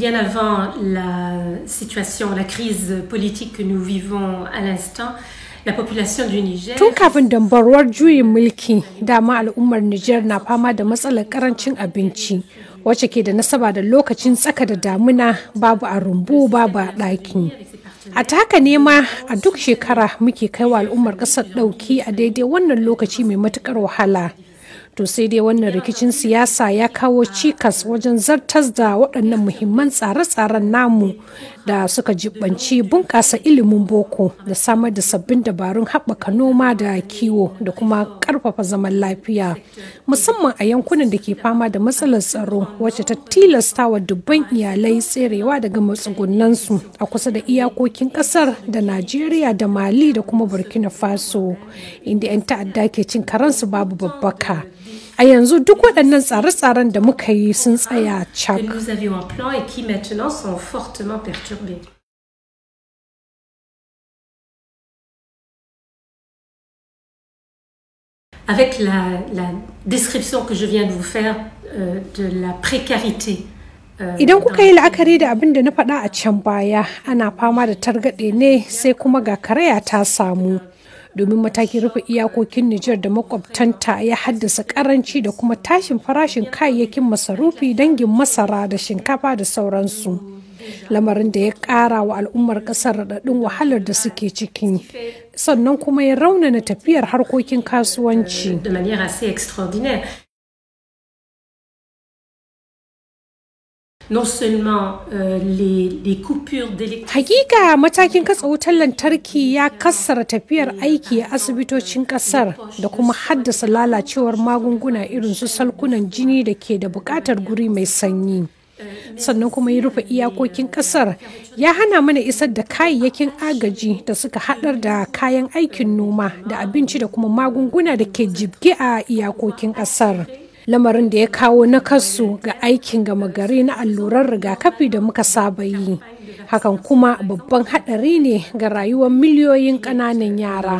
bien avant la situation, la crise politique que nous vivons à l'instant, la population du Niger. Tun kafin dambarwar juyin mulki, dama al'ummar Niger na fama da matsalar karancin abinci, wacce ke da nasaba da lokacin tsaka da damuna babu a rumbu babu a ɗaki. A taka nema a duk shekara muke kaiwa al'ummar ƙasar ɗauki a daidai wannan lokaci mai matuƙar wahala. to sai dai wannan rikicin siyasa ya kawo cikas wajen zartas da waɗannan muhimman tsare-tsaren namu da suka jibanci bunƙasa ilimin boko da samar da sabbin dabarun haɓaka noma da kiwo da kuma ƙarfafa zaman lafiya musamman a yankunan da ke fama da matsalar tsaro wacce ta tilasta wa dubban iyalai tserewa daga matsugunansu a kusa da iyakokin ƙasar da najeriya da mali da kuma burkina faso inda 'yan ta'adda ke cin karansu babu babbaka a yanzu duk waɗannan tsare-tsaren da muka yi sun tsaya cak. Avec la, la description que je viens de vous faire euh, de la précarité euh, Idan kuka yi la'akari da abin da na faɗa a can baya ana fama da targaɗe ne sai kuma ga karaya ta samu. domin matakin rufe iyakokin Nijar da makwabtanta ya haddasa karanci da kuma tashin farashin kayayyakin masarufi dangin masara da shinkafa da sauransu. Lamarin da ya ƙara wa al'ummar ƙasar raɗaɗin wahalar da suke ciki, sannan kuma ya raunana tafiyar harkokin kasuwanci. Euh, Hakika matakin katsa wutar lantarki ya kassara tafiyar aiki a asibitocin kasar da kuma haddasa lalacewar magunguna irin su salkunan jini da ke da bukatar guri mai sanyi. Sannan kuma ya rufe iyakokin kasar ya hana mana isar da kayayyakin agaji da suka hadar da kayan aikin noma da abinci da kuma magunguna da ke jibge a iyakokin kasar. lamarin da ya kawo na nakasu ga aikin gama gari na alluran rigakafi da muka saba yi hakan kuma babban haɗari ne ga rayuwar miliyoyin ƙananan yara